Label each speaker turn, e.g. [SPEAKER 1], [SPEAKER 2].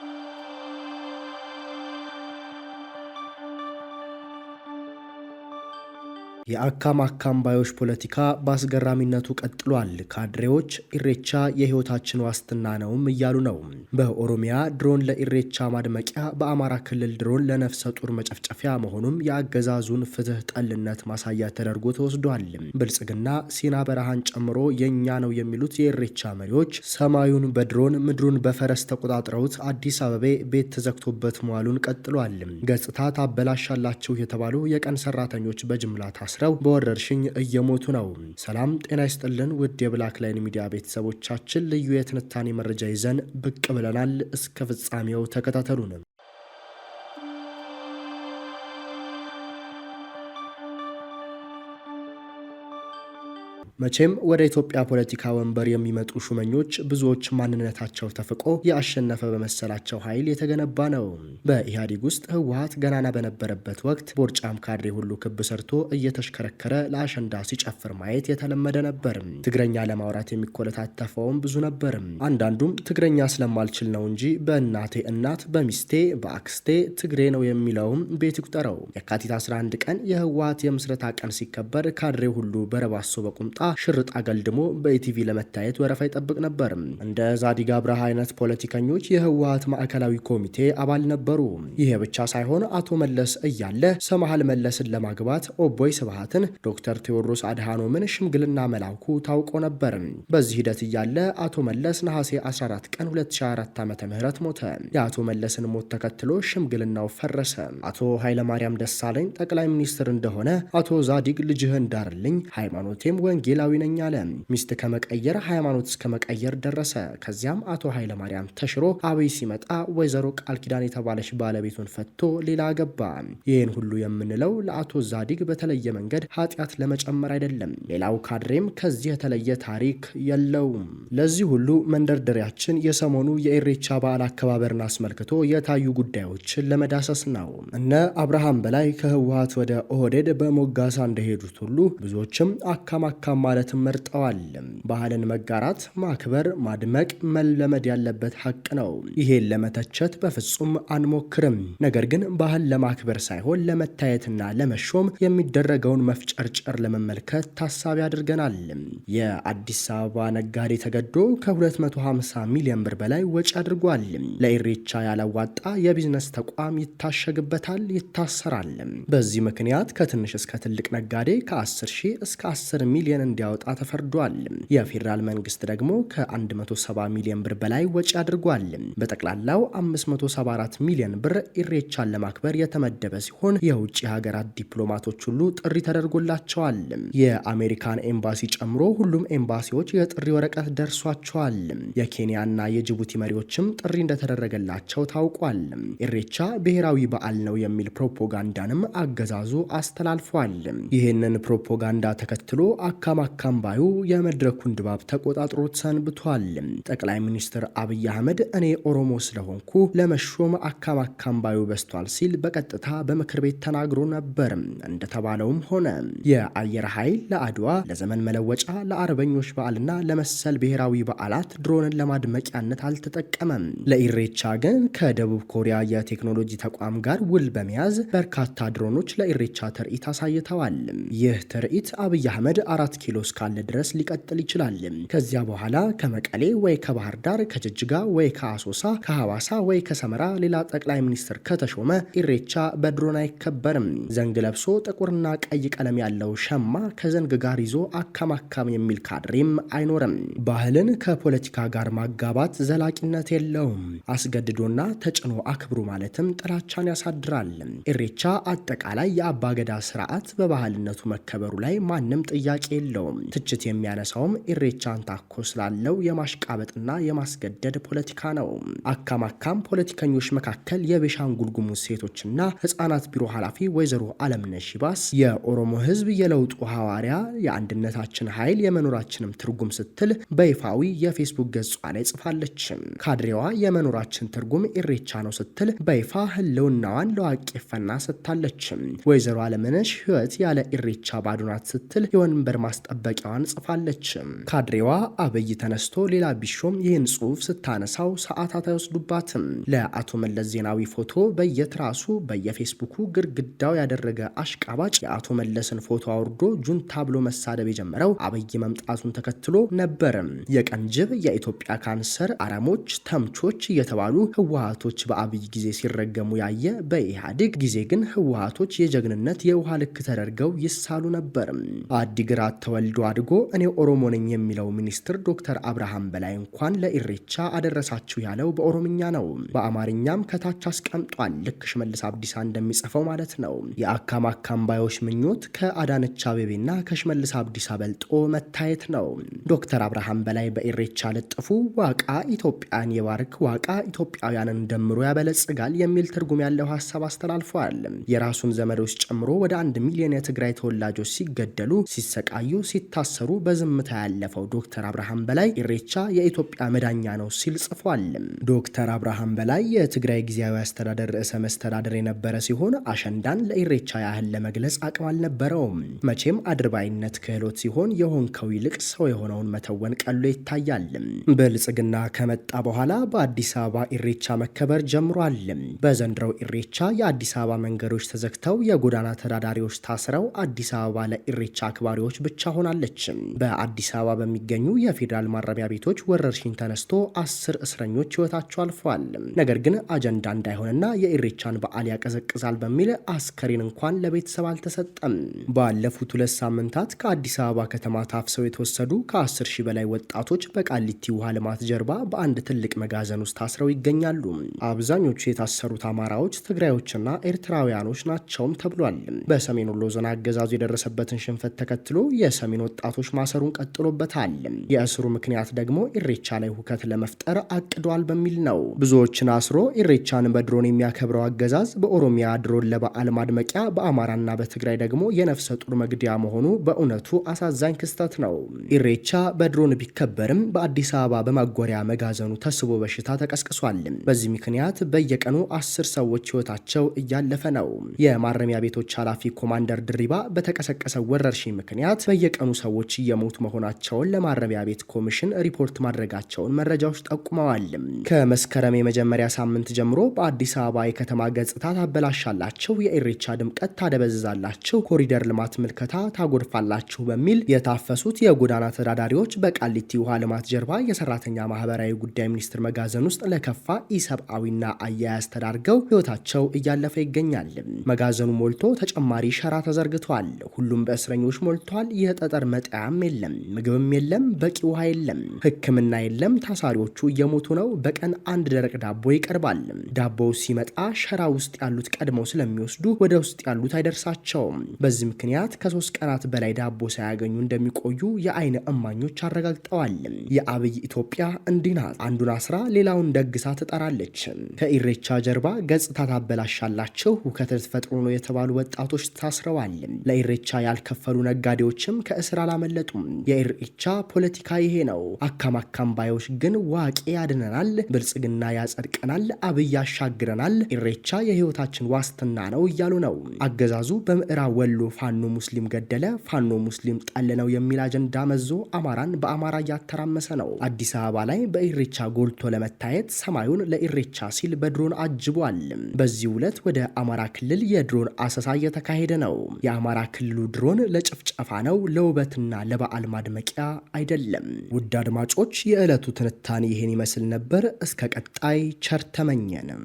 [SPEAKER 1] Música የአካም አካም ባዮች ፖለቲካ በአስገራሚነቱ ቀጥሏል። ካድሬዎች ኢሬቻ የህይወታችን ዋስትና ነውም እያሉ ነው። በኦሮሚያ ድሮን ለኢሬቻ ማድመቂያ፣ በአማራ ክልል ድሮን ለነፍሰ ጡር መጨፍጨፊያ መሆኑም የአገዛዙን ፍትህ ጠልነት ማሳያ ተደርጎ ተወስዷል። ብልጽግና ሲና በረሃን ጨምሮ የእኛ ነው የሚሉት የኢሬቻ መሪዎች ሰማዩን በድሮን ምድሩን በፈረስ ተቆጣጥረውት አዲስ አበቤ ቤት ተዘግቶበት መዋሉን ቀጥሏል። ገጽታ ታበላሻላቸው የተባሉ የቀን ሰራተኞች በጅምላ ታስረዋል። ታስረው በወረርሽኝ እየሞቱ ነው። ሰላም ጤና ይስጥልን ውድ የብላክ ላይን ሚዲያ ቤተሰቦቻችን ልዩ የትንታኔ መረጃ ይዘን ብቅ ብለናል። እስከ ፍጻሜው ተከታተሉንም። መቼም ወደ ኢትዮጵያ ፖለቲካ ወንበር የሚመጡ ሹመኞች ብዙዎች ማንነታቸው ተፍቆ የአሸነፈ በመሰላቸው ኃይል የተገነባ ነው። በኢህአዴግ ውስጥ ህወሀት ገናና በነበረበት ወቅት ቦርጫም ካድሬ ሁሉ ክብ ሰርቶ እየተሽከረከረ ለአሸንዳ ሲጨፍር ማየት የተለመደ ነበር። ትግረኛ ለማውራት የሚኮለታተፈውም ብዙ ነበር። አንዳንዱም ትግረኛ ስለማልችል ነው እንጂ በእናቴ እናት፣ በሚስቴ፣ በአክስቴ ትግሬ ነው የሚለውም ቤት ይቁጠረው። የካቲት 11 ቀን የህወሀት የምስረታ ቀን ሲከበር ካድሬ ሁሉ በረባሶ በቁምጣ ሽርጥ አገልድሞ በኢቲቪ ለመታየት ወረፋ ይጠብቅ ነበር። እንደ ዛዲግ አብርሃ አይነት ፖለቲከኞች የህወሀት ማዕከላዊ ኮሚቴ አባል ነበሩ። ይሄ ብቻ ሳይሆን አቶ መለስ እያለ ሰመሃል መለስን ለማግባት ኦቦይ ስብሃትን፣ ዶክተር ቴዎድሮስ አድሃኖምን ሽምግልና መላኩ ታውቆ ነበር። በዚህ ሂደት እያለ አቶ መለስ ነሐሴ 14 ቀን 2004 ዓ ም ሞተ። የአቶ መለስን ሞት ተከትሎ ሽምግልናው ፈረሰ። አቶ ኃይለማርያም ደሳለኝ ጠቅላይ ሚኒስትር እንደሆነ አቶ ዛዲግ ልጅህን ዳርልኝ፣ ሃይማኖቴም ወንጌል ወንጌላዊ ነኝ አለ። ሚስት ከመቀየር ሃይማኖት እስከ መቀየር ደረሰ። ከዚያም አቶ ኃይለማርያም ተሽሮ አብይ ሲመጣ ወይዘሮ ቃል ኪዳን የተባለች ባለቤቱን ፈቶ ሌላ አገባ። ይህን ሁሉ የምንለው ለአቶ ዛዲግ በተለየ መንገድ ኃጢአት ለመጨመር አይደለም። ሌላው ካድሬም ከዚህ የተለየ ታሪክ የለውም። ለዚህ ሁሉ መንደርደሪያችን የሰሞኑ የኢሬቻ በዓል አከባበርን አስመልክቶ የታዩ ጉዳዮችን ለመዳሰስ ነው። እነ አብርሃም በላይ ከህወሀት ወደ ኦህዴድ በሞጋሳ እንደሄዱት ሁሉ ብዙዎችም አካም አካም ማለት መርጠዋል። ባህልን መጋራት፣ ማክበር፣ ማድመቅ መለመድ ያለበት ሀቅ ነው። ይሄን ለመተቸት በፍጹም አንሞክርም። ነገር ግን ባህል ለማክበር ሳይሆን ለመታየትና ለመሾም የሚደረገውን መፍጨርጨር ለመመልከት ታሳቢ አድርገናል። የአዲስ አበባ ነጋዴ ተገዶ ከ250 ሚሊዮን ብር በላይ ወጪ አድርጓል። ለኢሬቻ ያላዋጣ የቢዝነስ ተቋም ይታሸግበታል፣ ይታሰራል። በዚህ ምክንያት ከትንሽ እስከ ትልቅ ነጋዴ ከ10 ሺህ እስከ 10 ሚሊዮን እንዲያወጣ ተፈርዷል። የፌዴራል መንግስት ደግሞ ከ170 ሚሊዮን ብር በላይ ወጪ አድርጓል። በጠቅላላው 574 ሚሊዮን ብር ኢሬቻን ለማክበር የተመደበ ሲሆን የውጭ ሀገራት ዲፕሎማቶች ሁሉ ጥሪ ተደርጎላቸዋል። የአሜሪካን ኤምባሲ ጨምሮ ሁሉም ኤምባሲዎች የጥሪ ወረቀት ደርሷቸዋል። የኬንያና የጅቡቲ መሪዎችም ጥሪ እንደተደረገላቸው ታውቋል። ኢሬቻ ብሔራዊ በዓል ነው የሚል ፕሮፓጋንዳንም አገዛዙ አስተላልፏል። ይህንን ፕሮፓጋንዳ ተከትሎ አካማ አባካም ባዩ የመድረኩን ድባብ ተቆጣጥሮት ሰንብቷል። ጠቅላይ ሚኒስትር አብይ አህመድ እኔ ኦሮሞ ስለሆንኩ ለመሾም አካባካም ባዩ በስቷል ሲል በቀጥታ በምክር ቤት ተናግሮ ነበር። እንደተባለውም ሆነ የአየር ኃይል ለአድዋ፣ ለዘመን መለወጫ፣ ለአርበኞች በዓልና ለመሰል ብሔራዊ በዓላት ድሮንን ለማድመቂያነት አልተጠቀመም። ለኢሬቻ ግን ከደቡብ ኮሪያ የቴክኖሎጂ ተቋም ጋር ውል በመያዝ በርካታ ድሮኖች ለኢሬቻ ትርኢት አሳይተዋል። ይህ ትርኢት አብይ አህመድ አራት ኪ ኪሎ እስካለ ድረስ ሊቀጥል ይችላል። ከዚያ በኋላ ከመቀሌ ወይ ከባህር ዳር፣ ከጅጅጋ ወይ ከአሶሳ፣ ከሐዋሳ ወይ ከሰመራ ሌላ ጠቅላይ ሚኒስትር ከተሾመ ኢሬቻ በድሮን አይከበርም። ዘንግ ለብሶ ጥቁርና ቀይ ቀለም ያለው ሸማ ከዘንግ ጋር ይዞ አካማካም የሚል ካድሬም አይኖርም። ባህልን ከፖለቲካ ጋር ማጋባት ዘላቂነት የለውም። አስገድዶና ተጭኖ አክብሩ ማለትም ጥላቻን ያሳድራል። ኢሬቻ አጠቃላይ የአባገዳ ስርዓት በባህልነቱ መከበሩ ላይ ማንም ጥያቄ የለውም። የለውም። ትችት የሚያነሳውም ኢሬቻን ታኮ ስላለው የማሽቃበጥና የማስገደድ ፖለቲካ ነው። አካም አካም ፖለቲከኞች መካከል የቤሻንጉል ጉሙዝ ሴቶችና ህጻናት ቢሮ ኃላፊ ወይዘሮ አለምነሽ ሺባስ የኦሮሞ ህዝብ የለውጡ ሐዋርያ የአንድነታችን ኃይል የመኖራችንም ትርጉም ስትል በይፋዊ የፌስቡክ ገጿ ላይ ጽፋለች። ካድሬዋ የመኖራችን ትርጉም ኢሬቻ ነው ስትል በይፋ ህልውናዋን ለዋቄፈና ሰጥታለች። ወይዘሮ አለምነሽ ህይወት ያለ ኢሬቻ ባዶናት ስትል የወንበር ማስጠ መጠበቂያዋን ጽፋለችም። ካድሬዋ አብይ ተነስቶ ሌላ ቢሾም ይህን ጽሁፍ ስታነሳው ሰዓታት አይወስዱባትም። ለአቶ መለስ ዜናዊ ፎቶ በየትራሱ በየፌስቡኩ ግድግዳው ያደረገ አሽቃባጭ የአቶ መለስን ፎቶ አውርዶ ጁንታ ብሎ መሳደብ የጀመረው አብይ መምጣቱን ተከትሎ ነበርም። የቀንጅብ የኢትዮጵያ ካንሰር፣ አረሞች፣ ተምቾች እየተባሉ ህወሀቶች በአብይ ጊዜ ሲረገሙ ያየ በኢህአዴግ ጊዜ ግን ህወሀቶች የጀግንነት የውሃ ልክ ተደርገው ይሳሉ ነበርም። አዲግራት ተወ ተወልዶ አድጎ እኔ ኦሮሞ ነኝ የሚለው ሚኒስትር ዶክተር አብርሃም በላይ እንኳን ለኢሬቻ አደረሳችሁ ያለው በኦሮምኛ ነው። በአማርኛም ከታች አስቀምጧል። ልክ ሽመልስ አብዲሳ እንደሚጽፈው ማለት ነው። የአካም አካም ባዮች ምኞት ከአዳነች አቤቤና ከሽመልስ አብዲሳ በልጦ መታየት ነው። ዶክተር አብርሃም በላይ በኢሬቻ ልጥፉ ዋቃ ኢትዮጵያን የባርክ ዋቃ ኢትዮጵያውያንን ደምሮ ያበለጽጋል የሚል ትርጉም ያለው ሀሳብ አስተላልፏል። የራሱን ዘመዶች ጨምሮ ወደ አንድ ሚሊዮን የትግራይ ተወላጆች ሲገደሉ ሲሰቃዩ ሲታሰሩ በዝምታ ያለፈው ዶክተር አብርሃም በላይ ኢሬቻ የኢትዮጵያ መዳኛ ነው ሲል ጽፏል። ዶክተር አብርሃም በላይ የትግራይ ጊዜያዊ አስተዳደር ርዕሰ መስተዳደር የነበረ ሲሆን አሸንዳን ለኢሬቻ ያህል ለመግለጽ አቅም አልነበረውም። መቼም አድርባይነት ክህሎት ሲሆን የሆንከው ይልቅ ሰው የሆነውን መተወን ቀሎ ይታያል። ብልጽግና ከመጣ በኋላ በአዲስ አበባ ኢሬቻ መከበር ጀምሯል። በዘንድሮው ኢሬቻ የአዲስ አበባ መንገዶች ተዘግተው የጎዳና ተዳዳሪዎች ታስረው አዲስ አበባ ለኢሬቻ አክባሪዎች ብቻ ሆናለችም። በአዲስ አበባ በሚገኙ የፌዴራል ማረሚያ ቤቶች ወረርሽኝ ተነስቶ አስር እስረኞች ህይወታቸው አልፈዋል። ነገር ግን አጀንዳ እንዳይሆንና የኢሬቻን በዓል ያቀዘቅዛል በሚል አስከሬን እንኳን ለቤተሰብ አልተሰጠም። ባለፉት ሁለት ሳምንታት ከአዲስ አበባ ከተማ ታፍሰው የተወሰዱ ከአስር ሺህ በላይ ወጣቶች በቃሊቲ ውሃ ልማት ጀርባ በአንድ ትልቅ መጋዘን ውስጥ ታስረው ይገኛሉ። አብዛኞቹ የታሰሩት አማራዎች፣ ትግራዮችና ኤርትራውያኖች ናቸውም ተብሏል። በሰሜን ወሎ ዞን አገዛዙ የደረሰበትን ሽንፈት ተከትሎ የሰ የሰሜን ወጣቶች ማሰሩን ቀጥሎበታል። የእስሩ ምክንያት ደግሞ ኢሬቻ ላይ ሁከት ለመፍጠር አቅዷል በሚል ነው። ብዙዎችን አስሮ ኢሬቻን በድሮን የሚያከብረው አገዛዝ በኦሮሚያ ድሮን ለበዓል ማድመቂያ፣ በአማራና በትግራይ ደግሞ የነፍሰ ጡር መግዲያ መሆኑ በእውነቱ አሳዛኝ ክስተት ነው። ኢሬቻ በድሮን ቢከበርም በአዲስ አበባ በማጎሪያ መጋዘኑ ተስቦ በሽታ ተቀስቅሷል። በዚህ ምክንያት በየቀኑ አስር ሰዎች ህይወታቸው እያለፈ ነው። የማረሚያ ቤቶች ኃላፊ ኮማንደር ድሪባ በተቀሰቀሰ ወረርሽኝ ምክንያት በየ በየቀኑ ሰዎች እየሞቱ መሆናቸውን ለማረሚያ ቤት ኮሚሽን ሪፖርት ማድረጋቸውን መረጃዎች ጠቁመዋል። ከመስከረም የመጀመሪያ ሳምንት ጀምሮ በአዲስ አበባ የከተማ ገጽታ ታበላሻላቸው የኢሬቻ ድምቀት ታደበዝዛላቸው፣ ኮሪደር ልማት ምልከታ ታጎድፋላችሁ በሚል የታፈሱት የጎዳና ተዳዳሪዎች በቃሊቲ ውሃ ልማት ጀርባ የሰራተኛ ማህበራዊ ጉዳይ ሚኒስቴር መጋዘን ውስጥ ለከፋ ኢሰብአዊና አያያዝ ተዳርገው ህይወታቸው እያለፈ ይገኛል። መጋዘኑ ሞልቶ ተጨማሪ ሸራ ተዘርግቷል። ሁሉም በእስረኞች ሞልቷል። ጠጠር መጣያም የለም፣ ምግብም የለም፣ በቂ ውሃ የለም፣ ሕክምና የለም። ታሳሪዎቹ እየሞቱ ነው። በቀን አንድ ደረቅ ዳቦ ይቀርባል። ዳቦው ሲመጣ ሸራ ውስጥ ያሉት ቀድመው ስለሚወስዱ ወደ ውስጥ ያሉት አይደርሳቸውም። በዚህ ምክንያት ከሶስት ቀናት በላይ ዳቦ ሳያገኙ እንደሚቆዩ የአይን እማኞች አረጋግጠዋል። የአብይ ኢትዮጵያ እንዲህ ናት። አንዱን አስራ ሌላውን ደግሳ ትጠራለች። ከኢሬቻ ጀርባ ገጽታ ታበላሻላችሁ፣ ሁከት ልትፈጥሩ ነው የተባሉ ወጣቶች ታስረዋል። ለኢሬቻ ያልከፈሉ ነጋዴዎችም ከእስር አላመለጡም። የኢርኢቻ ፖለቲካ ይሄ ነው። አካም ባዮች ግን ዋቂ ያድነናል፣ ብልጽግና ያጸድቀናል፣ አብይ ያሻግረናል፣ ኢሬቻ የህይወታችን ዋስትና ነው እያሉ ነው። አገዛዙ በምዕራብ ወሎ ፋኖ ሙስሊም ገደለ፣ ፋኖ ሙስሊም ጠል ነው የሚል አጀንዳ መዞ አማራን በአማራ እያተራመሰ ነው። አዲስ አበባ ላይ በኢሬቻ ጎልቶ ለመታየት ሰማዩን ለኢሬቻ ሲል በድሮን አጅቧል። በዚህ ዕለት ወደ አማራ ክልል የድሮን አሰሳ እየተካሄደ ነው። የአማራ ክልሉ ድሮን ለጭፍጨፋ ነው ለውበትና ለበዓል ማድመቂያ አይደለም። ውድ አድማጮች፣ የዕለቱ ትንታኔ ይህን ይመስል ነበር። እስከ ቀጣይ ቸር ተመኘንም።